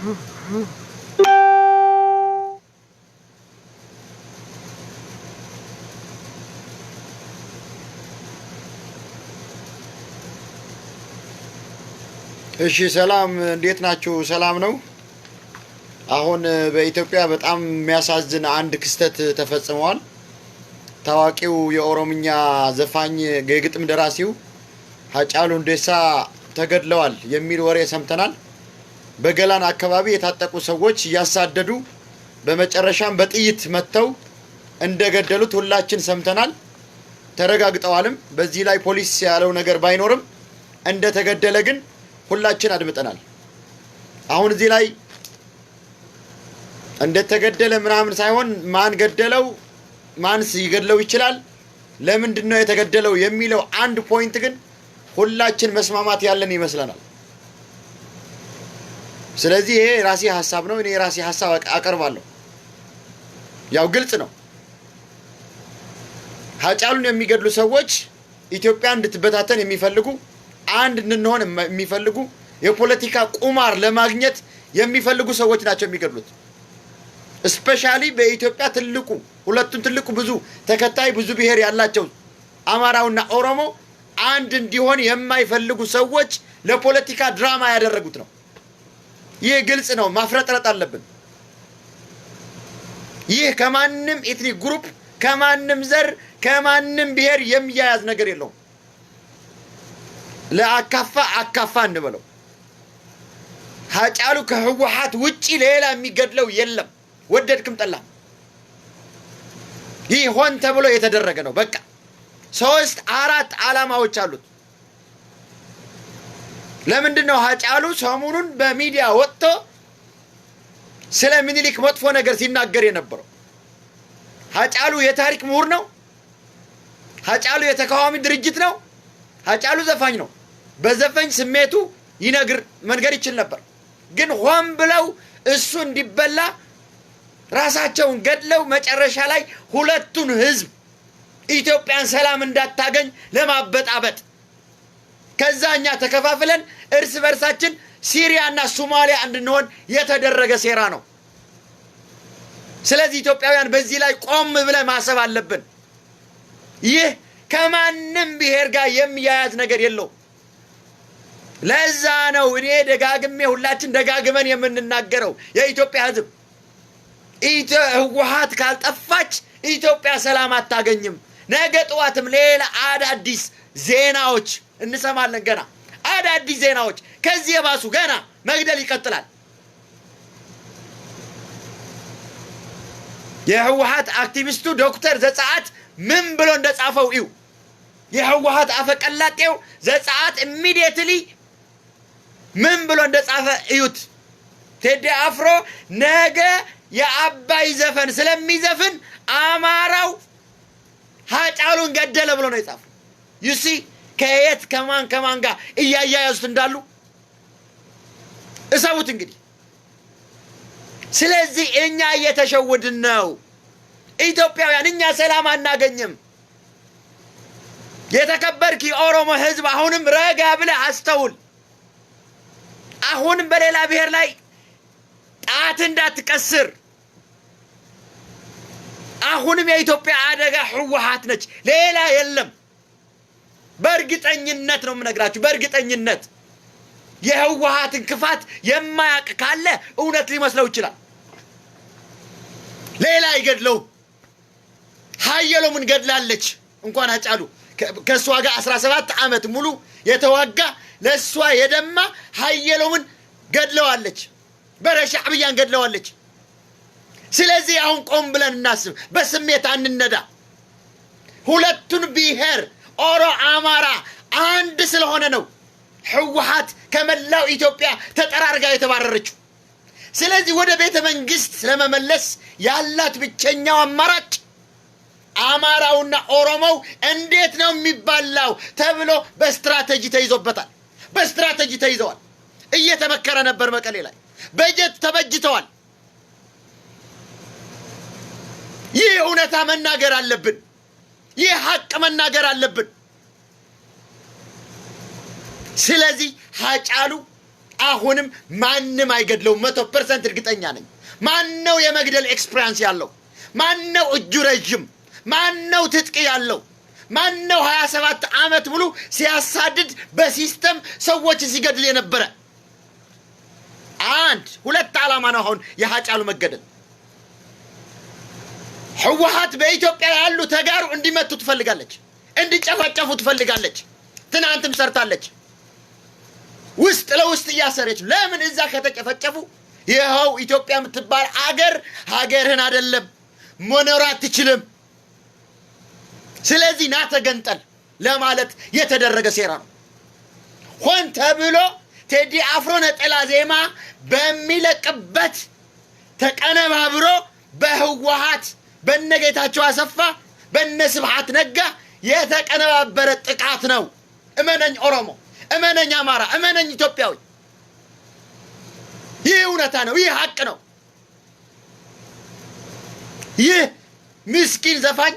እሺ ሰላም፣ እንዴት ናችሁ? ሰላም ነው። አሁን በኢትዮጵያ በጣም የሚያሳዝን አንድ ክስተት ተፈጽመዋል። ታዋቂው የኦሮምኛ ዘፋኝ የግጥም ደራሲው ሀጫሉ ሁንዴሳ ተገድለዋል የሚል ወሬ ሰምተናል። በገላን አካባቢ የታጠቁ ሰዎች እያሳደዱ በመጨረሻም በጥይት መጥተው እንደገደሉት ሁላችን ሰምተናል፣ ተረጋግጠዋልም። በዚህ ላይ ፖሊስ ያለው ነገር ባይኖርም እንደተገደለ ግን ሁላችን አድምጠናል። አሁን እዚህ ላይ እንደተገደለ ምናምን ሳይሆን ማን ገደለው፣ ማንስ ይገድለው ይችላል፣ ለምንድን ነው የተገደለው የሚለው አንድ ፖይንት ግን ሁላችን መስማማት ያለን ይመስለናል። ስለዚህ ይሄ የራሴ ሀሳብ ነው። እኔ የራሴ ሀሳብ አቀርባለሁ። ያው ግልጽ ነው። ሀጫሉን የሚገድሉ ሰዎች ኢትዮጵያ እንድትበታተን የሚፈልጉ አንድ እንድንሆን የሚፈልጉ የፖለቲካ ቁማር ለማግኘት የሚፈልጉ ሰዎች ናቸው የሚገድሉት። እስፔሻሊ በኢትዮጵያ ትልቁ ሁለቱን ትልቁ ብዙ ተከታይ ብዙ ብሔር ያላቸው አማራውና ኦሮሞ አንድ እንዲሆን የማይፈልጉ ሰዎች ለፖለቲካ ድራማ ያደረጉት ነው። ይህ ግልጽ ነው። ማፍረጥረጥ አለብን። ይህ ከማንም ኤትኒክ ግሩፕ፣ ከማንም ዘር፣ ከማንም ብሔር የሚያያዝ ነገር የለውም። ለአካፋ አካፋ እንበለው። ሀጫሉ ከህወሓት ውጪ ሌላ የሚገድለው የለም። ወደድክም ጠላም ይህ ሆን ተብሎ የተደረገ ነው። በቃ ሶስት አራት አላማዎች አሉት። ለምንድን ነው ሀጫሉ ሰሞኑን በሚዲያ ወጥቶ ስለ ምኒልክ መጥፎ ነገር ሲናገር የነበረው? ሀጫሉ የታሪክ ምሁር ነው። ሀጫሉ የተቃዋሚ ድርጅት ነው። ሀጫሉ ዘፋኝ ነው። በዘፈኝ ስሜቱ ይነግር መንገድ ይችል ነበር። ግን ሆን ብለው እሱ እንዲበላ ራሳቸውን ገድለው መጨረሻ ላይ ሁለቱን ህዝብ ኢትዮጵያን ሰላም እንዳታገኝ ለማበጣበጥ ከዛ እኛ ተከፋፍለን እርስ በርሳችን ሲሪያና ሶማሊያ እንድንሆን የተደረገ ሴራ ነው። ስለዚህ ኢትዮጵያውያን በዚህ ላይ ቆም ብለን ማሰብ አለብን። ይህ ከማንም ብሔር ጋር የሚያያዝ ነገር የለው። ለዛ ነው እኔ ደጋግሜ ሁላችን ደጋግመን የምንናገረው የኢትዮጵያ ሕዝብ ህወሀት ካልጠፋች ኢትዮጵያ ሰላም አታገኝም። ነገ ጠዋትም ሌላ አዳዲስ ዜናዎች እንሰማለን። ገና አዳዲስ ዜናዎች ከዚህ የባሱ ገና መግደል ይቀጥላል። የህወሀት አክቲቪስቱ ዶክተር ዘጸአት ምን ብሎ እንደጻፈው እዩ። የህወሀት አፈቀላጤው ዘጸአት ኢሚዲየትሊ ምን ብሎ እንደጻፈ እዩት። ቴዲ አፍሮ ነገ የአባይ ዘፈን ስለሚዘፍን አማራው ሀጫሉን ገደለ ብሎ ነው የጻፈው። ዩሲ ከየት ከማን ከማን ጋር እያያያዙት እንዳሉ እሰቡት እንግዲህ። ስለዚህ እኛ እየተሸውድን ነው ኢትዮጵያውያን፣ እኛ ሰላም አናገኝም። የተከበርክ የኦሮሞ ህዝብ አሁንም ረጋ ብለ አስተውል። አሁንም በሌላ ብሔር ላይ ጣት እንዳትቀስር። አሁንም የኢትዮጵያ አደጋ ህወሓት ነች፣ ሌላ የለም። በእርግጠኝነት ነው የምነግራችሁ። በእርግጠኝነት የህወሀትን ክፋት የማያውቅ ካለ እውነት ሊመስለው ይችላል። ሌላ ይገድለው ሀየሎ ምን ገድላለች እንኳን አጫሉ ከእሷ ጋር 17 ዓመት ሙሉ የተዋጋ ለእሷ የደማ ሀየሎምን ገድለዋለች። በረሻዕብያን ገድለዋለች። ስለዚህ አሁን ቆም ብለን እናስብ፣ በስሜት አንነዳ። ሁለቱን ብሔር ኦሮ አማራ አንድ ስለሆነ ነው ህወሀት ከመላው ኢትዮጵያ ተጠራርጋ የተባረረችው። ስለዚህ ወደ ቤተ መንግስት ለመመለስ ያላት ብቸኛው አማራጭ አማራውና ኦሮሞው እንዴት ነው የሚባላው ተብሎ በስትራቴጂ ተይዞበታል። በስትራቴጂ ተይዘዋል። እየተመከረ ነበር። መቀሌ ላይ በጀት ተበጅተዋል። ይህ እውነታ መናገር አለብን። ይህ ሀቅ መናገር አለብን። ስለዚህ ሀጫሉ አሁንም ማንም አይገድለውም። መቶ ፐርሰንት እርግጠኛ ነኝ። ማነው የመግደል ኤክስፐሪንስ ያለው? ማነው እጁ ረዥም? ማነው ትጥቅ ያለው? ማነው ሀያ ሰባት ዓመት ሙሉ ሲያሳድድ በሲስተም ሰዎች ሲገድል የነበረ? አንድ ሁለት ዓላማ ነው አሁን የሀጫሉ መገደል ህወሀት በኢትዮጵያ ያሉ ተጋሩ እንዲመቱ ትፈልጋለች፣ እንዲጨፋጨፉ ትፈልጋለች። ትናንትም ሰርታለች። ውስጥ ለውስጥ እያሰረች ለምን እዛ ከተጨፈጨፉ ይኸው ኢትዮጵያ የምትባል አገር ሀገርህን አይደለም መኖር አትችልም። ስለዚህ ና ተገንጠል ለማለት የተደረገ ሴራ ነው። ሆን ተብሎ ቴዲ አፍሮ ነጠላ ዜማ በሚለቅበት ተቀነባብሮ በህወሀት በነጌታቸው አሰፋ በነ ስብሐት ነጋ የተቀነባበረ ጥቃት ነው። እመነኝ ኦሮሞ፣ እመነኝ አማራ፣ እመነኝ ኢትዮጵያዊ፣ ይህ እውነታ ነው። ይህ ሀቅ ነው። ይህ ምስኪን ዘፋኝ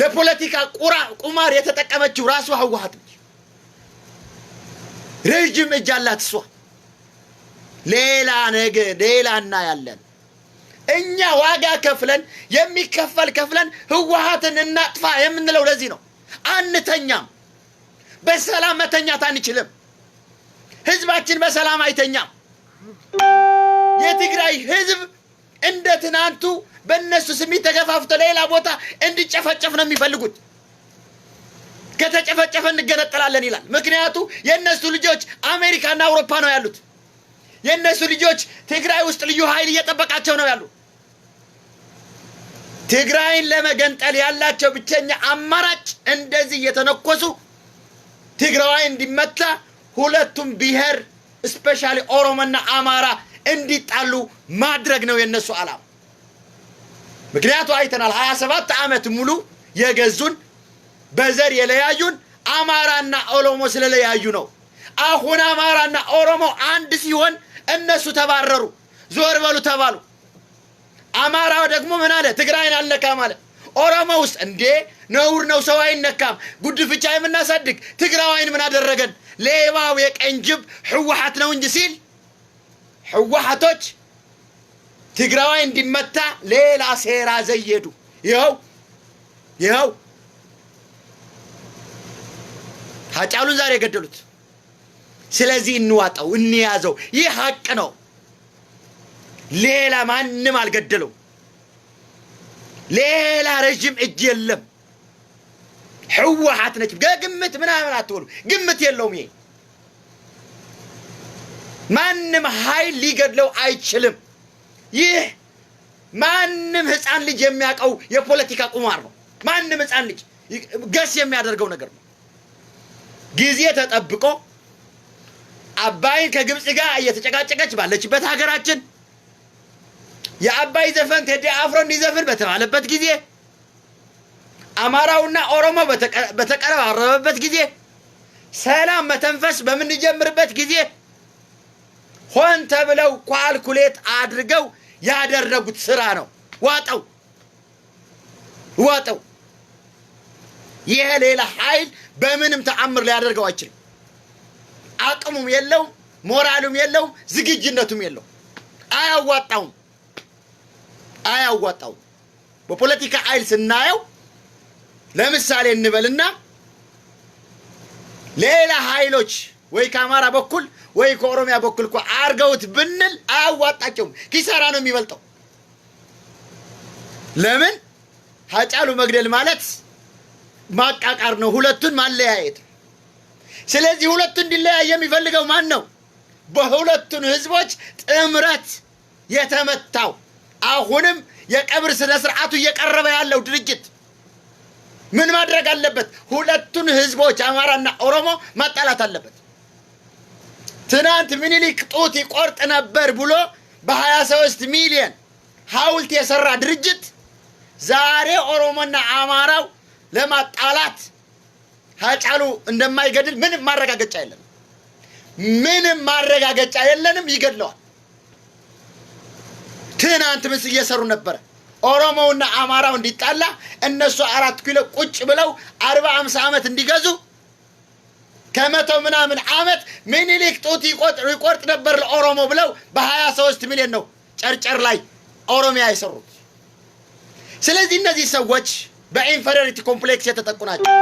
ለፖለቲካ ቁራ ቁማር የተጠቀመችው ራሷ ህወሓት ነች። ረዥም እጅ አላት እሷ። ሌላ ነገ ሌላ እናያለን። እኛ ዋጋ ከፍለን የሚከፈል ከፍለን ህወሀትን እናጥፋ የምንለው ለዚህ ነው። አንተኛም። በሰላም መተኛት አንችልም። ህዝባችን በሰላም አይተኛም። የትግራይ ህዝብ እንደ ትናንቱ በእነሱ ስሜት ተገፋፍቶ ሌላ ቦታ እንዲጨፈጨፍ ነው የሚፈልጉት። ከተጨፈጨፈ እንገነጠላለን ይላል። ምክንያቱ የእነሱ ልጆች አሜሪካና አውሮፓ ነው ያሉት። የእነሱ ልጆች ትግራይ ውስጥ ልዩ ኃይል እየጠበቃቸው ነው ያሉ ትግራይን ለመገንጠል ያላቸው ብቸኛ አማራጭ እንደዚህ እየተነኮሱ ትግራዋይ እንዲመታ ሁለቱም ብሔር እስፔሻሊ ኦሮሞና አማራ እንዲጣሉ ማድረግ ነው የነሱ አላማ። ምክንያቱ አይተናል። ሰባት ዓመት ሙሉ የገዙን በዘር የለያዩን አማራና ኦሮሞ ስለለያዩ ነው። አሁን አማራና ኦሮሞ አንድ ሲሆን እነሱ ተባረሩ፣ ዞር በሉ ተባሉ። አማራ ደግሞ ምን አለ? ትግራይን አልነካም አለ። ኦሮሞ ውስጥ እንዴ ነውር ነው፣ ሰው አይነካም። ጉድፍቻ የምናሳድግ ትግራዋይን ምን አደረገን? ሌባው የቀኝ ጅብ ህወሓት ነው እንጂ ሲል ህወሓቶች ትግራዋይ እንዲመታ ሌላ ሴራ ዘየዱ። ይኸው ይኸው ሀጫሉን ዛሬ የገደሉት። ስለዚህ እንዋጠው፣ እንያዘው። ይህ ሀቅ ነው። ሌላ ማንም አልገደለው። ሌላ ረዥም እጅ የለም። ሕወሓት ነች። ከግምት ምናምን አትበሉ፣ ግምት የለውም። ይሄ ማንም ኃይል ሊገድለው አይችልም። ይህ ማንም ህፃን ልጅ የሚያውቀው የፖለቲካ ቁማር ነው። ማንም ህፃን ልጅ ገስ የሚያደርገው ነገር ነው። ጊዜ ተጠብቆ አባይን ከግብፅ ጋር እየተጨቃጨቀች ባለችበት ሀገራችን የአባይ ዘፈን ቴዲ አፍሮ እንዲዘፍን በተባለበት ጊዜ አማራውና ኦሮሞ በተቀረባረበበት ጊዜ ሰላም መተንፈስ በምንጀምርበት ጊዜ ሆን ተብለው ኳልኩሌት አድርገው ያደረጉት ስራ ነው። ዋጠው ዋጠው። ይህ ሌላ ኃይል በምንም ተአምር ሊያደርገው አይችልም። አቅሙም የለውም፣ ሞራሉም የለውም፣ ዝግጅነቱም የለውም። አያዋጣውም። አያዋጣው። በፖለቲካ ኃይል ስናየው ለምሳሌ እንበልና ሌላ ኃይሎች ወይ ከአማራ በኩል ወይ ከኦሮሚያ በኩል እኮ አርገውት ብንል አያዋጣቸውም። ኪሳራ ነው የሚበልጠው። ለምን ሀጫሉ መግደል ማለት ማቃቃር ነው፣ ሁለቱን ማለያየት ስለዚህ ሁለቱ እንዲለያየ የሚፈልገው ማን ነው? በሁለቱን ህዝቦች ጥምረት የተመታው አሁንም የቀብር ስነ ስርዓቱ እየቀረበ ያለው ድርጅት ምን ማድረግ አለበት? ሁለቱን ህዝቦች አማራና ኦሮሞ ማጣላት አለበት። ትናንት ምኒልክ ጡት ይቆርጥ ነበር ብሎ በ23 ሚሊዮን ሀውልት የሰራ ድርጅት ዛሬ ኦሮሞና አማራው ለማጣላት ሀጫሉ እንደማይገድል ምንም ማረጋገጫ የለንም። ምንም ማረጋገጫ የለንም። ይገድለዋል። ትናንት ምስ እየሰሩ ነበረ። ኦሮሞውና አማራው እንዲጣላ እነሱ አራት ኪሎ ቁጭ ብለው አርባ አምሳ ዓመት እንዲገዙ ከመቶ ምናምን ዓመት ሚኒሊክ ጡት ይቆርጥ ነበር ለኦሮሞ ብለው በሀያ ሶስት ሚሊዮን ነው ጨርጨር ላይ ኦሮሚያ የሰሩት። ስለዚህ እነዚህ ሰዎች በኢንፌሪዮሪቲ ኮምፕሌክስ የተጠቁ ናቸው።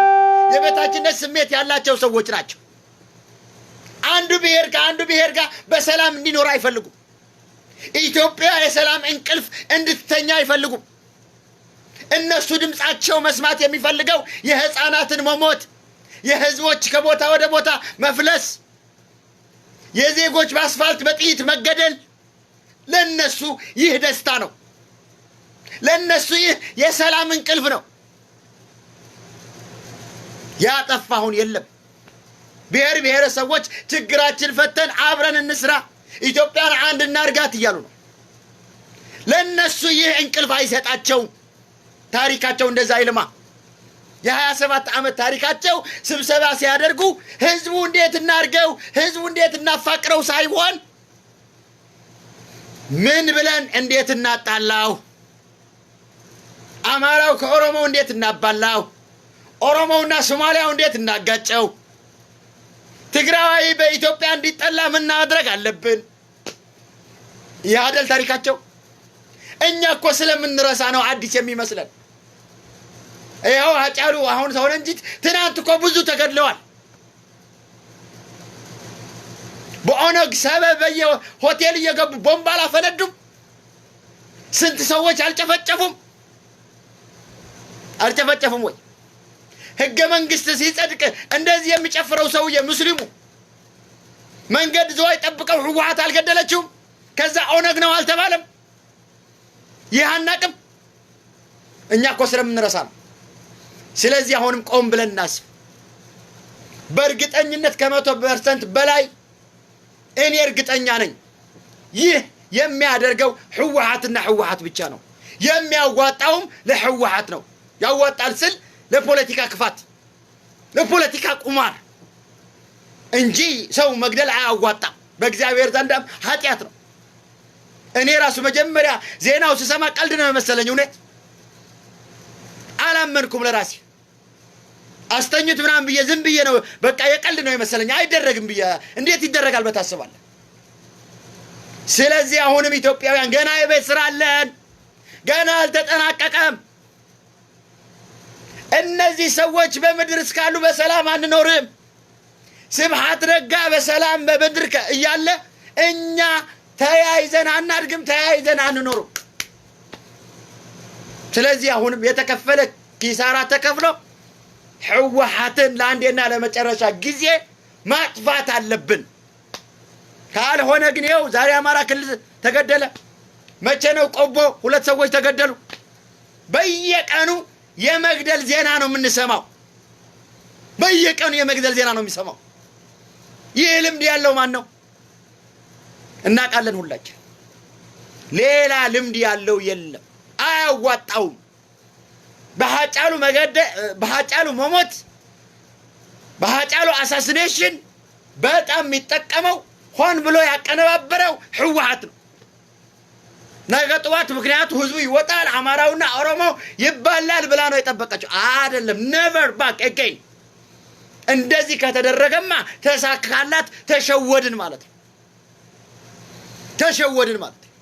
የበታችነት ስሜት ያላቸው ሰዎች ናቸው። አንዱ ብሔር አንዱ ብሔር ጋር በሰላም እንዲኖር አይፈልጉም። ኢትዮጵያ የሰላም እንቅልፍ እንድትተኛ አይፈልጉም። እነሱ ድምፃቸው መስማት የሚፈልገው የህፃናትን መሞት፣ የህዝቦች ከቦታ ወደ ቦታ መፍለስ፣ የዜጎች በአስፋልት በጥይት መገደል ለእነሱ ይህ ደስታ ነው። ለእነሱ ይህ የሰላም እንቅልፍ ነው። ያጠፋሁን የለም። ብሔር ብሔረሰቦች ችግራችን ፈተን አብረን እንስራ። ኢትዮጵያን አንድ እናርጋት እያሉ ነው። ለእነሱ ይህ እንቅልፍ አይሰጣቸው። ታሪካቸው እንደዛ አይልማ። የሀያ ሰባት ዓመት ታሪካቸው ስብሰባ ሲያደርጉ ህዝቡ እንዴት እናርገው ህዝቡ እንዴት እናፋቅረው ሳይሆን ምን ብለን እንዴት እናጣላው፣ አማራው ከኦሮሞው እንዴት እናባላው፣ ኦሮሞውና ሶማሊያው እንዴት እናጋጨው ትግራዋይ በኢትዮጵያ እንዲጠላ ምናድረግ አለብን? ይህ ታሪካቸው። እኛ እኮ ስለምንረሳ ነው አዲስ የሚመስለን። ይኸው አጫሉ አሁን ሰሆነ እንጂ ትናንት እኮ ብዙ ተገድለዋል። በኦነግ ሰበብ በየሆቴል እየገቡ ቦምብ አላፈነዱም? ስንት ሰዎች አልጨፈጨፉም? አልጨፈጨፉም ወይ? ህገ መንግስት ሲጸድቅ እንደዚህ የሚጨፍረው ሰውዬ ሙስሊሙ መንገድ ዝዋይ ጠብቀው ህወሀት አልገደለችውም። ከዛ ኦነግ ነው አልተባለም። ይህ አናቅም እኛ እኮ ስለምንረሳ ነው። ስለዚህ አሁንም ቆም ብለን እናስብ። በእርግጠኝነት ከመቶ ፐርሰንት በላይ እኔ እርግጠኛ ነኝ ይህ የሚያደርገው ህወሀትና ህወሀት ብቻ ነው። የሚያዋጣውም ለህወሀት ነው። ያዋጣል ስል ለፖለቲካ ክፋት፣ ለፖለቲካ ቁማር እንጂ ሰው መግደል አያዋጣም። በእግዚአብሔር ዘንዳም ኃጢአት ነው። እኔ ራሱ መጀመሪያ ዜናው ስሰማ ቀልድ ነው የመሰለኝ። እውነት አላመንኩም ለራሴ አስተኙት ምናምን ብዬ ዝም ብዬ ነው በቃ የቀልድ ነው የመሰለኝ። አይደረግም ብዬ እንዴት ይደረጋል በታስባለ። ስለዚህ አሁንም ኢትዮጵያውያን ገና የቤት ስራ አለን፣ ገና አልተጠናቀቀም። እነዚህ ሰዎች በምድር እስካሉ በሰላም አንኖርም። ስብሐት ነጋ በሰላም በምድር እያለ እኛ ተያይዘን አናድግም፣ ተያይዘን አንኖርም። ስለዚህ አሁንም የተከፈለ ኪሳራ ተከፍሎ ህወሓትን ለአንዴና ለመጨረሻ ጊዜ ማጥፋት አለብን። ካልሆነ ግን ይኸው ዛሬ አማራ ክልል ተገደለ። መቼ ነው ቆቦ ሁለት ሰዎች ተገደሉ? በየቀኑ የመግደል ዜና ነው የምንሰማው። በየቀኑ የመግደል ዜና ነው የሚሰማው። ይህ ልምድ ያለው ማን ነው? እናውቃለን ሁላችን። ሌላ ልምድ ያለው የለም። አያዋጣውም። በሀጫሉ መገደ በሀጫሉ መሞት በሀጫሉ አሳሲኔሽን በጣም የሚጠቀመው ሆን ብሎ ያቀነባበረው ህወሓት ነው። ነገ ጠዋት ምክንያቱ ህዝቡ ይወጣል፣ አማራውና ኦሮሞው ይባላል ብላ ነው የጠበቀችው። አይደለም ነቨር ባክ ኤጌን። እንደዚህ ከተደረገማ ተሳካላት፣ ተሸወድን ማለት ነው። ተሸወድን ማለት ነው።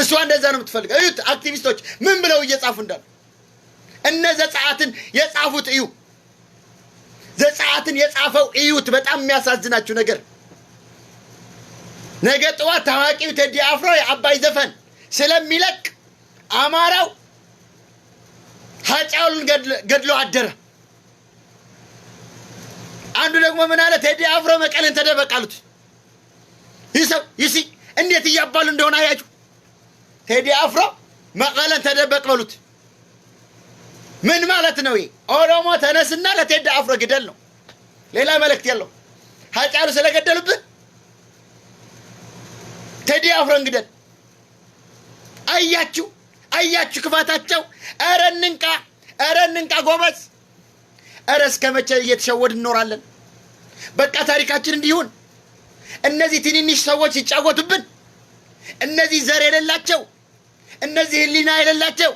እሷ እንደዛ ነው የምትፈልገው። እዩት አክቲቪስቶች ምን ብለው እየጻፉ እንዳሉ እነ ዘጸአትን የጻፉት እዩ። ዘጸአትን የጻፈው እዩት። በጣም የሚያሳዝናችሁ ነገር ነገ ጠዋት ታዋቂው ቴዲ አፍሮ የአባይ ዘፈን ስለሚለቅ አማራው ሀጫሉን ገድሎ አደረ። አንዱ ደግሞ ምን አለ? ቴዲ አፍሮ መቀሌን ተደበቅ አሉት። ይህ ሰው ይሲ እንዴት እያባሉ እንደሆነ አያችሁ። ቴዲ አፍሮ መቀለን ተደበቅ በሉት። ምን ማለት ነው? ኦሮሞ ተነስና ለቴዲ አፍሮ ግደል ነው። ሌላ መልእክት የለው። ሀጫሉ ስለገደሉብን ቴዲ አፍሮን ግደል አያችሁ፣ አያችሁ ክፋታቸው። ኧረ እንንቃ፣ ኧረ እንንቃ ጎበዝ። ኧረ እስከ መቼ እየተሸወድ እንኖራለን? በቃ ታሪካችን እንዲሁን። እነዚህ ትንንሽ ሰዎች ሲጫወቱብን፣ እነዚህ ዘር የሌላቸው፣ እነዚህ ህሊና የሌላቸው፣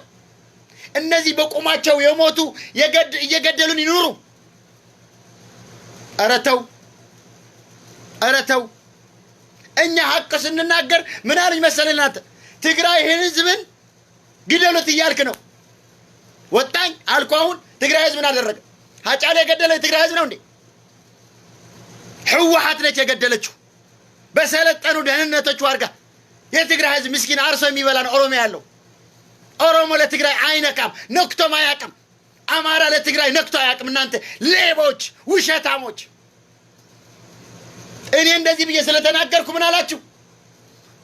እነዚህ በቁማቸው የሞቱ እየገደሉን ይኑሩ። ኧረ ተው፣ ተው። እኛ ሀቅ ስንናገር ምን አሉኝ መሰለናት ትግራይ ህዝብን ግደሉት እያልክ ነው። ወጣኝ አልኩ። አሁን ትግራይ ህዝብን አደረገ? ሀጫሉ የገደለ የትግራይ ህዝብ ነው እንዴ? ህወሓት ነች የገደለችው በሰለጠኑ ደህንነቶቹ አድርጋ። የትግራይ ህዝብ ምስኪን አርሶ የሚበላ ነው ኦሮሞ ያለው። ኦሮሞ ለትግራይ አይነካም፣ ነክቶም አያውቅም። አማራ ለትግራይ ነክቶ አያውቅም። እናንተ ሌቦች፣ ውሸታሞች! እኔ እንደዚህ ብዬ ስለተናገርኩ ምን አላችሁ?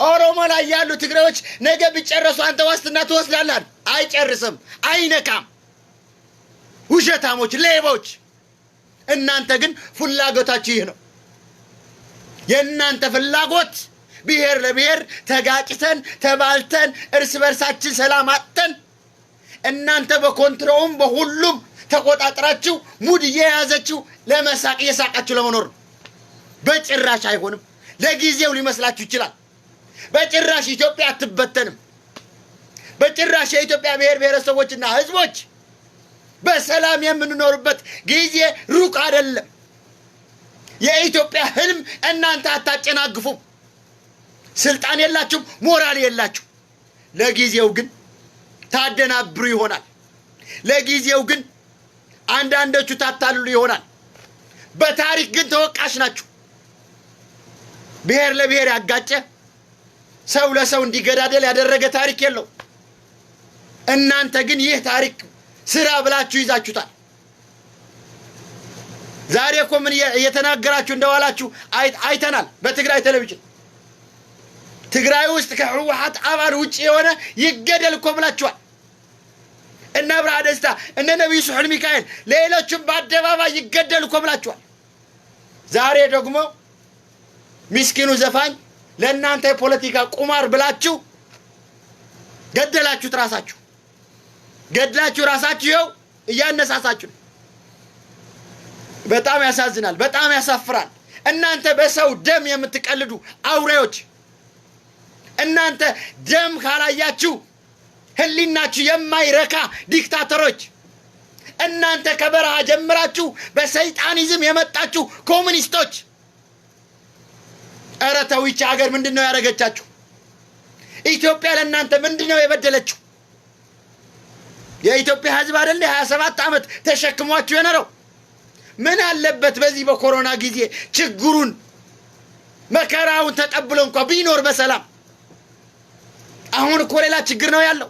ኦሮሞ ላይ ያሉ ትግራዮች ነገ ቢጨረሱ አንተ ዋስትና ትወስዳለህ። አይጨርስም፣ አይነካም። ውሸታሞች፣ ሌቦች። እናንተ ግን ፍላጎታችሁ ይህ ነው። የእናንተ ፍላጎት ብሔር ለብሔር ተጋጭተን ተባልተን እርስ በርሳችን ሰላም አጥተን እናንተ በኮንትሮውም በሁሉም ተቆጣጥራችሁ ሙድ እየያዘችው ለመሳቅ እየሳቃችሁ ለመኖር ነው። በጭራሽ አይሆንም። ለጊዜው ሊመስላችሁ ይችላል። በጭራሽ ኢትዮጵያ አትበተንም። በጭራሽ የኢትዮጵያ ብሔር ብሔረሰቦችና ህዝቦች በሰላም የምንኖርበት ጊዜ ሩቅ አይደለም። የኢትዮጵያ ህልም እናንተ አታጨናግፉም። ስልጣን የላችሁም፣ ሞራል የላችሁ። ለጊዜው ግን ታደናብሩ ይሆናል። ለጊዜው ግን አንዳንዶቹ ታታልሉ ይሆናል። በታሪክ ግን ተወቃሽ ናችሁ። ብሔር ለብሔር ያጋጨ ሰው ለሰው እንዲገዳደል ያደረገ ታሪክ የለው። እናንተ ግን ይህ ታሪክ ስራ ብላችሁ ይዛችሁታል። ዛሬ እኮ ምን እየተናገራችሁ እንደዋላችሁ አይተናል። በትግራይ ቴሌቪዥን ትግራይ ውስጥ ከህወሓት አባል ውጭ የሆነ ይገደል እኮ ብላችኋል። እነ ብርሃ ደስታ፣ እነ ነቢዩ ስሑል ሚካኤል፣ ሌሎችም በአደባባይ ይገደል እኮ ብላችኋል። ዛሬ ደግሞ ምስኪኑ ዘፋኝ ለእናንተ የፖለቲካ ቁማር ብላችሁ ገደላችሁት። ራሳችሁ ገድላችሁ ራሳችሁ ይኸው እያነሳሳችሁ ነው። በጣም ያሳዝናል። በጣም ያሳፍራል። እናንተ በሰው ደም የምትቀልዱ አውሬዎች፣ እናንተ ደም ካላያችሁ ህሊናችሁ የማይረካ ዲክታተሮች፣ እናንተ ከበረሃ ጀምራችሁ በሰይጣኒዝም የመጣችሁ ኮሚኒስቶች ኧረ ተው፣ ይቺ ሀገር ምንድን ነው ያደረገቻችሁ? ኢትዮጵያ ለእናንተ ምንድን ነው የበደለችው? የኢትዮጵያ ህዝብ አይደለ ሀያ ሰባት ዓመት ተሸክሟችሁ የኖረው ምን አለበት በዚህ በኮሮና ጊዜ ችግሩን መከራውን ተቀብሎ እንኳ ቢኖር በሰላም። አሁን እኮ ሌላ ችግር ነው ያለው።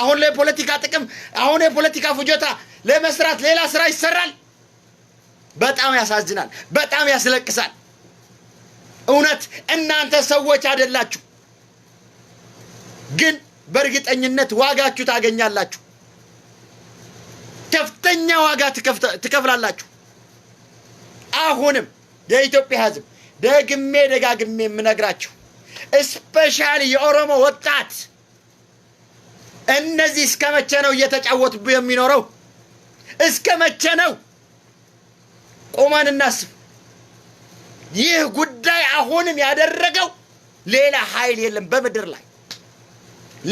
አሁን ለፖለቲካ ጥቅም፣ አሁን የፖለቲካ ፍጆታ ለመስራት ሌላ ስራ ይሰራል። በጣም ያሳዝናል። በጣም ያስለቅሳል። እውነት እናንተ ሰዎች አይደላችሁ፣ ግን በእርግጠኝነት ዋጋችሁ ታገኛላችሁ። ከፍተኛ ዋጋ ትከፍላላችሁ። አሁንም የኢትዮጵያ ሕዝብ ደግሜ ደጋግሜ የምነግራችሁ እስፔሻሊ የኦሮሞ ወጣት እነዚህ እስከ መቼ ነው እየተጫወቱ የሚኖረው? እስከ መቼ ነው? ቆመን እናስብ። ይህ ጉ አሁንም ያደረገው ሌላ ኃይል የለም በምድር ላይ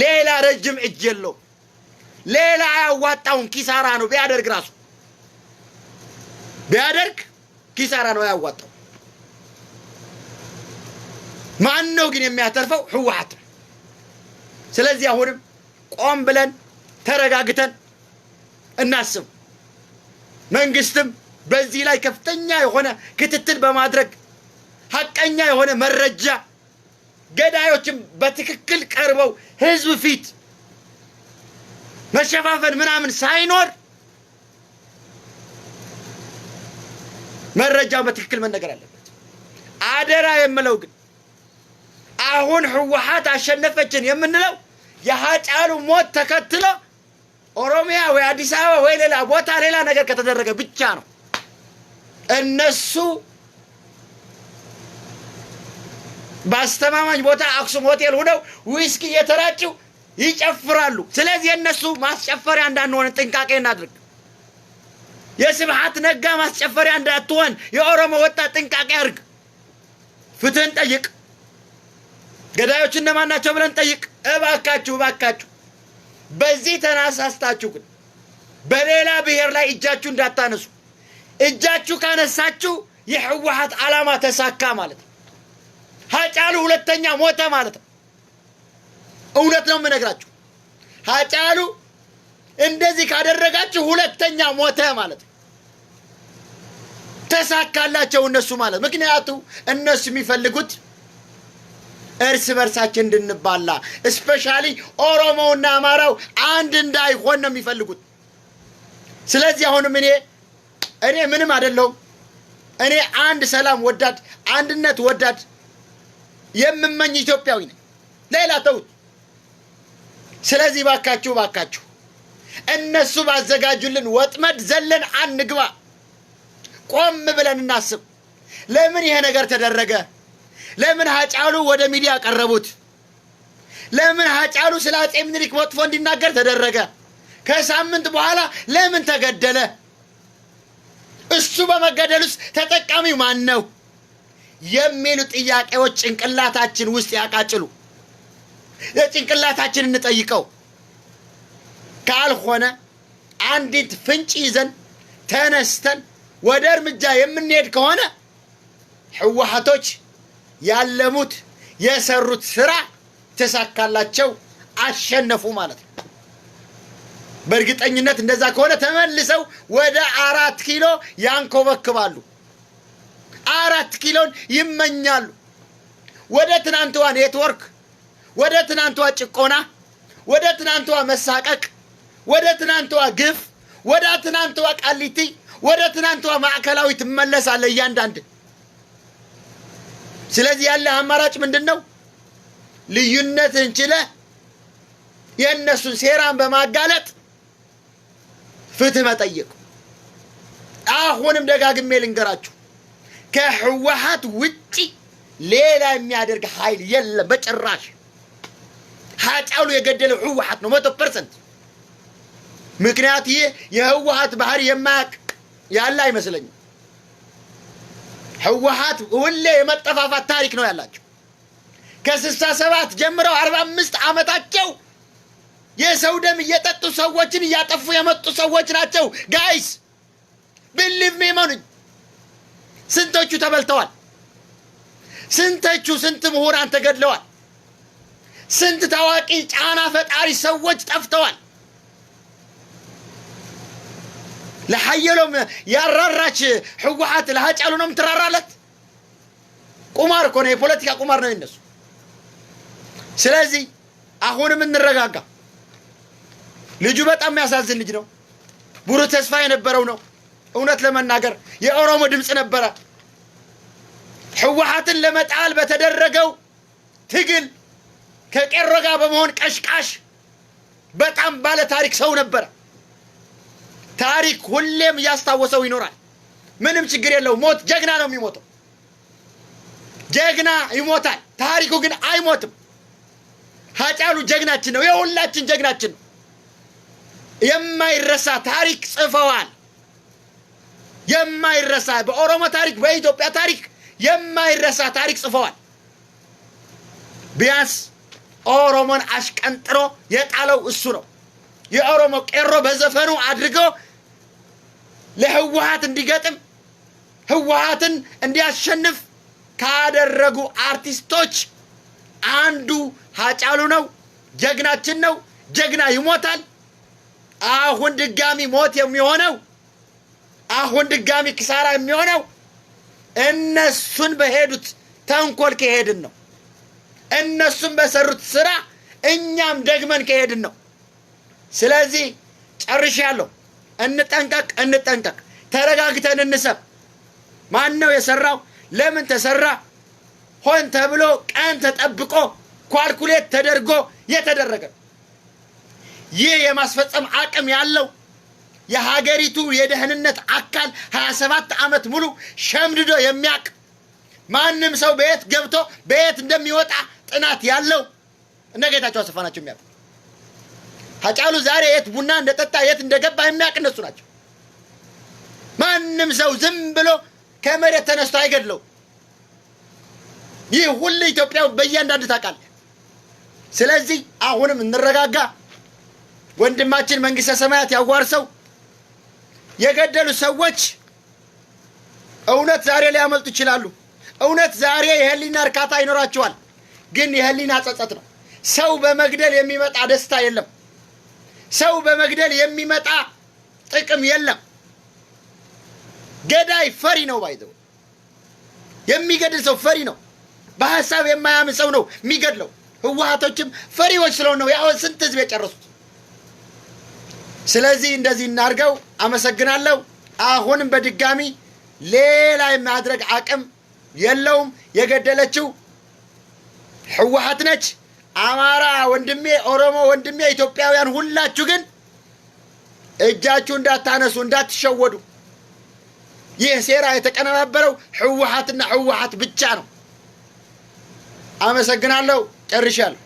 ሌላ ረጅም እጅ የለው። ሌላ አያዋጣውን ኪሳራ ነው ቢያደርግ ራሱ ቢያደርግ ኪሳራ ነው አያዋጣው። ማን ነው ግን የሚያተርፈው? ህወሓት ነው። ስለዚህ አሁንም ቆም ብለን ተረጋግተን እናስብ። መንግስትም በዚህ ላይ ከፍተኛ የሆነ ክትትል በማድረግ ሀቀኛ የሆነ መረጃ ገዳዮችም በትክክል ቀርበው ህዝብ ፊት መሸፋፈን ምናምን ሳይኖር መረጃው በትክክል መነገር አለበት። አደራ የምለው ግን አሁን ህወሀት አሸነፈችን የምንለው የሀጫሉ ሞት ተከትሎ ኦሮሚያ ወይ አዲስ አበባ ወይ ሌላ ቦታ ሌላ ነገር ከተደረገ ብቻ ነው እነሱ በአስተማማኝ ቦታ አክሱም ሆቴል ሁነው ዊስኪ እየተራጩ ይጨፍራሉ። ስለዚህ የእነሱ ማስጨፈሪያ እንዳንሆን ጥንቃቄ እናድርግ። የስብሀት ነጋ ማስጨፈሪያ እንዳትሆን የኦሮሞ ወጣት ጥንቃቄ አድርግ። ፍትህን ጠይቅ። ገዳዮች እነማን ናቸው ብለን ጠይቅ። እባካችሁ እባካችሁ፣ በዚህ ተነሳስታችሁ ግን በሌላ ብሔር ላይ እጃችሁ እንዳታነሱ። እጃችሁ ካነሳችሁ የህወሀት ዓላማ ተሳካ ማለት ነው። ሀጫሉ ሁለተኛ ሞተ ማለት ነው። እውነት ነው የምነግራችሁ። ሀጫሉ እንደዚህ ካደረጋችሁ ሁለተኛ ሞተ ማለት ነው። ተሳካላቸው እነሱ ማለት ምክንያቱ እነሱ የሚፈልጉት እርስ በርሳችን እንድንባላ እስፔሻሊ ኦሮሞውና አማራው አንድ እንዳይሆን ነው የሚፈልጉት። ስለዚህ አሁንም እኔ እኔ ምንም አይደለሁም። እኔ አንድ ሰላም ወዳድ አንድነት ወዳድ የምመኝ ኢትዮጵያዊ ነኝ። ሌላ ተውት። ስለዚህ ባካችሁ ባካችሁ እነሱ ባዘጋጁልን ወጥመድ ዘለን አንግባ። ቆም ብለን እናስብ። ለምን ይሄ ነገር ተደረገ? ለምን ሀጫሉ ወደ ሚዲያ ቀረቡት? ለምን ሀጫሉ ስለ አጼ ምኒልክ መጥፎ እንዲናገር ተደረገ? ከሳምንት በኋላ ለምን ተገደለ? እሱ በመገደል ውስጥ ተጠቃሚው ማን ነው? የሚሉ ጥያቄዎች ጭንቅላታችን ውስጥ ያቃጭሉ። የጭንቅላታችን እንጠይቀው። ካልሆነ አንዲት ፍንጭ ይዘን ተነስተን ወደ እርምጃ የምንሄድ ከሆነ ህወሓቶች ያለሙት የሰሩት ስራ ተሳካላቸው፣ አሸነፉ ማለት ነው። በእርግጠኝነት እንደዛ ከሆነ ተመልሰው ወደ አራት ኪሎ ያንኮበክባሉ። አራት ኪሎን ይመኛሉ። ወደ ትናንትዋ ኔትወርክ፣ ወደ ትናንትዋ ጭቆና፣ ወደ ትናንትዋ መሳቀቅ፣ ወደ ትናንትዋ ግፍ፣ ወደ ትናንትዋ ቃሊቲ፣ ወደ ትናንትዋ ማዕከላዊ ትመለሳለ እያንዳንድ። ስለዚህ ያለ አማራጭ ምንድን ነው? ልዩነትን ችለህ የእነሱን ሴራን በማጋለጥ ፍትህ መጠየቁ። አሁንም ደጋግሜ ልንገራችሁ ከህወሓት ውጪ ሌላ የሚያደርግ ኃይል የለም በጭራሽ። ሀጫሉ የገደለው ህወሓት ነው መቶ ፐርሰንት። ምክንያት ይህ የህወሓት ባህሪ የማያውቅ ያለ አይመስለኝም። ህወሓት ሁሌ የመጠፋፋት ታሪክ ነው ያላቸው። ከስልሳ ሰባት ጀምረው አርባ አምስት ዓመታቸው የሰው ደም እየጠጡ ሰዎችን እያጠፉ የመጡ ሰዎች ናቸው። ጋይስ ብሊቭ ሚ ስንቶቹ ተበልተዋል? ስንቶቹ ስንት ምሁራን ተገድለዋል? ስንት ታዋቂ ጫና ፈጣሪ ሰዎች ጠፍተዋል? ለሐየሎም ያራራች ህወሓት ለሀጫሉ ነው የምትራራለት። ቁማር እኮ ነው፣ የፖለቲካ ቁማር ነው የነሱ። ስለዚህ አሁንም እንረጋጋ። ልጁ በጣም የሚያሳዝን ልጅ ነው። ብሩህ ተስፋ የነበረው ነው። እውነት ለመናገር የኦሮሞ ድምፅ ነበረ። ህወሓትን ለመጣል በተደረገው ትግል ከቄሮ ጋር በመሆን ቀሽቃሽ በጣም ባለ ታሪክ ሰው ነበረ። ታሪክ ሁሌም እያስታወሰው ይኖራል። ምንም ችግር የለው። ሞት ጀግና ነው የሚሞተው። ጀግና ይሞታል። ታሪኩ ግን አይሞትም። ሀጫሉ ጀግናችን ነው፣ የሁላችን ጀግናችን ነው። የማይረሳ ታሪክ ጽፈዋል። የማይረሳ በኦሮሞ ታሪክ በኢትዮጵያ ታሪክ የማይረሳ ታሪክ ጽፈዋል። ቢያንስ ኦሮሞን አሽቀንጥሮ የጣለው እሱ ነው። የኦሮሞ ቄሮ በዘፈኑ አድርጎ ለህወሀት እንዲገጥም ህወሀትን እንዲያሸንፍ ካደረጉ አርቲስቶች አንዱ ሀጫሉ ነው። ጀግናችን ነው። ጀግና ይሞታል። አሁን ድጋሚ ሞት የሚሆነው አሁን ድጋሚ ኪሳራ የሚሆነው እነሱን በሄዱት ተንኮል ከሄድን ነው። እነሱን በሰሩት ስራ እኛም ደግመን ከሄድን ነው። ስለዚህ ጨርሻለሁ። እንጠንቀቅ፣ እንጠንቀቅ። ተረጋግተን እንሰብ። ማን ነው የሰራው? ለምን ተሰራ? ሆን ተብሎ ቀን ተጠብቆ ኳልኩሌት ተደርጎ የተደረገ ይህ የማስፈጸም አቅም ያለው የሀገሪቱ የደህንነት አካል 27 ዓመት ሙሉ ሸምድዶ የሚያውቅ ማንም ሰው በየት ገብቶ በየት እንደሚወጣ ጥናት ያለው እነ ጌታቸው አሰፋ ናቸው የሚያውቁ። ሀጫሉ ዛሬ የት ቡና እንደጠጣ የት እንደገባ የሚያውቅ እነሱ ናቸው። ማንም ሰው ዝም ብሎ ከመሬት ተነስቶ አይገድለው። ይህ ሁሉ ኢትዮጵያ በእያንዳንዱ ታውቃለህ። ስለዚህ አሁንም እንረጋጋ። ወንድማችን መንግስተ ሰማያት ያዋርሰው። የገደሉ ሰዎች እውነት ዛሬ ሊያመልጡ ይችላሉ። እውነት ዛሬ የህሊና እርካታ ይኖራቸዋል። ግን የህሊና ጸጸት ነው። ሰው በመግደል የሚመጣ ደስታ የለም። ሰው በመግደል የሚመጣ ጥቅም የለም። ገዳይ ፈሪ ነው። ባይዘው የሚገድል ሰው ፈሪ ነው። በሀሳብ የማያምን ሰው ነው የሚገድለው። ህወሀቶችም ፈሪዎች ስለሆን ነው ያሁን ስንት ህዝብ የጨረሱት። ስለዚህ እንደዚህ እናድርገው። አመሰግናለሁ። አሁንም በድጋሚ ሌላ የማድረግ አቅም የለውም። የገደለችው ህወሓት ነች። አማራ ወንድሜ፣ ኦሮሞ ወንድሜ፣ ኢትዮጵያውያን ሁላችሁ ግን እጃችሁ እንዳታነሱ፣ እንዳትሸወዱ። ይህ ሴራ የተቀነባበረው ህወሓትና ህወሓት ብቻ ነው። አመሰግናለሁ። ጨርሻለሁ።